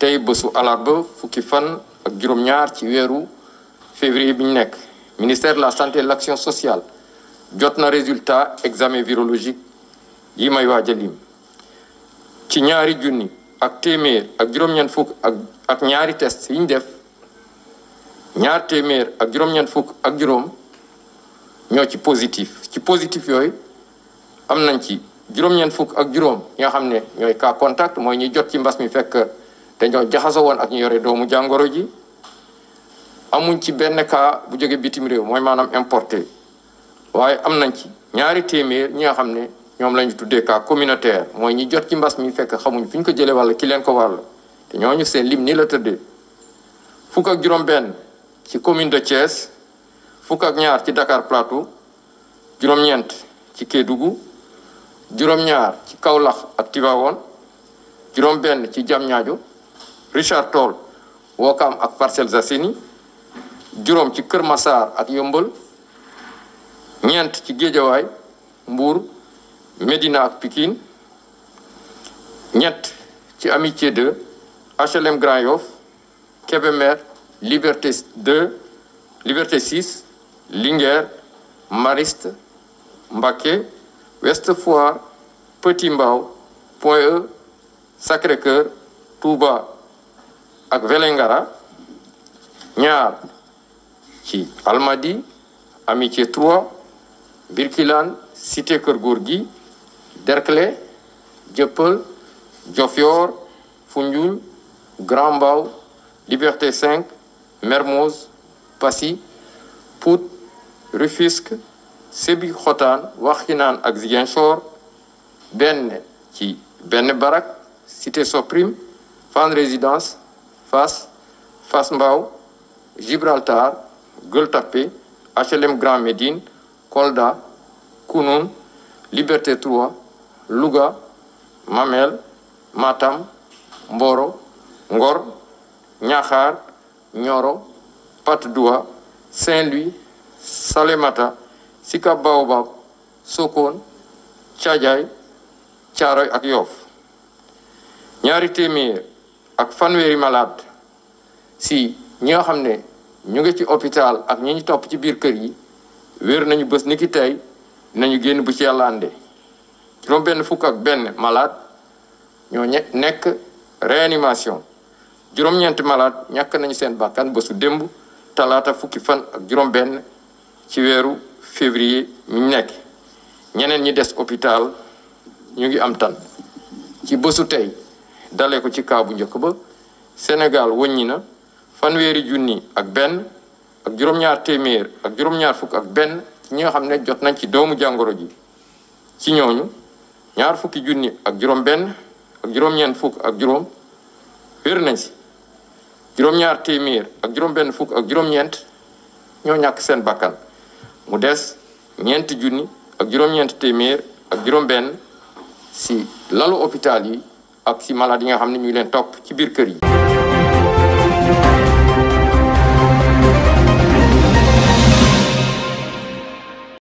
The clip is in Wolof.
tey bésu àllarba fukki fan ak juróom-ñaar ci weeru février bi ñu nekk ministère de la santé et de l'action sociale jot na résultat examen virologique yi may waaja lim ci ñaari junni ak téeméer ak juróom-ñeent fukk ak ak ñaari test yi ñu def ñaar téeméer ak juróom juróom ñoo ci positif ci positif yooyu am nañ ci juróom-ñeent fukk ak juróom ñi xam ne ñooy cas contact mooy ñu jot ci mbas mi fekk dañoo jaxasoo woon ak ñu yore doomu jàngoro ji amuñ ci benn cas bu jóge bitim réew mooy maanaam importé waaye am nañ ci ñaari téeméer ñi xam ne ñoom la ñu tuddee cas communautaire mooy ñi jot ci mbas mi fekk xamuñ fi ñu ko jëlee walla ki leen ko wàll te ñooñu seen lim ni la tëddee fukk ak juróom-benn ci commune de Thiès fukk ak ñaar ci Dakar Plateau juróom-ñeent ci Kédougou juróom-ñaar ci Kaolack ak Tivaouane juróom-benn ci Diamniadio Richard Toll Wokam ak Parcelles Assainies juróom ci Kër ak Yëmbal ñeent ci Géejawaay Mbour Médina ak Pikine ñett ci Amitié 2 HLM Grand Yoff Kébémer Liberté 2 Liberté 6 Linguère Mariste Mbacké Ouest Foire Petit Mbao Point E Sacré-Cœur Touba ak Vélingara ñaar ci Almadi Amitié 3 Birkilan Cité Keur gi Derklé Dieuppeul Diofior Foundiougne Grand Mbao Liberté 5 Mermoz Passy Pout Rufisque Sébikotane waxinaan ak Ziguinchor benn ci benn barak Cité Soprim Fann Résidence fas Fass Mbao Gibraltar Gueule Tapée Grand Médine Kolda Kounoune Liberté 3 Louga Mamel Matam Mboro Ngor Niakhar Nioro Patte d'Oie Saint-Louis Salémata Sicap Baobab Sokone Thiadiaye Thiaroye ak Yoff ñaari téeméer ak fanweeri malade si ñoo xam ne ñu ngi ci hôpital ak ñi ñu topp ci biir kër yi wér nañu bës niki tey nañu génn bu ci yàlla ànde juróom benn fukk ak benn malade ñoo nekk réanimation juróom-ñeenti malade ñàkk nañu seen bàkkan bésu démb talaata fukki fan ak juróom benn ci weeru février mi nekk ñeneen ñi des hôpital ñu ngi am tan ci bésu tey dale ko ci kaa bu njëkk ba Sénégal wëññi na fanweeri junni ak benn ak juróom-ñaar téeméer ak juróom-ñaar fukk ak benn ci ñi nga xam ne jot nañ ci doomu jàngoro ji ci ñooñu ñaar fukki junni ak juróom benn ak juróom-ñeent ak juróom wér nañ si juróom-ñaar téeméer fukk ak juróom-ñeent ñoo ñàkk seen bakkan mu des ñeenti junni ak juróom-ñeent téeméer ak juróom-benn si lalu hôpital yi ak si malade yi nga xam ne ñu ngi leen topp ci biir kër yi.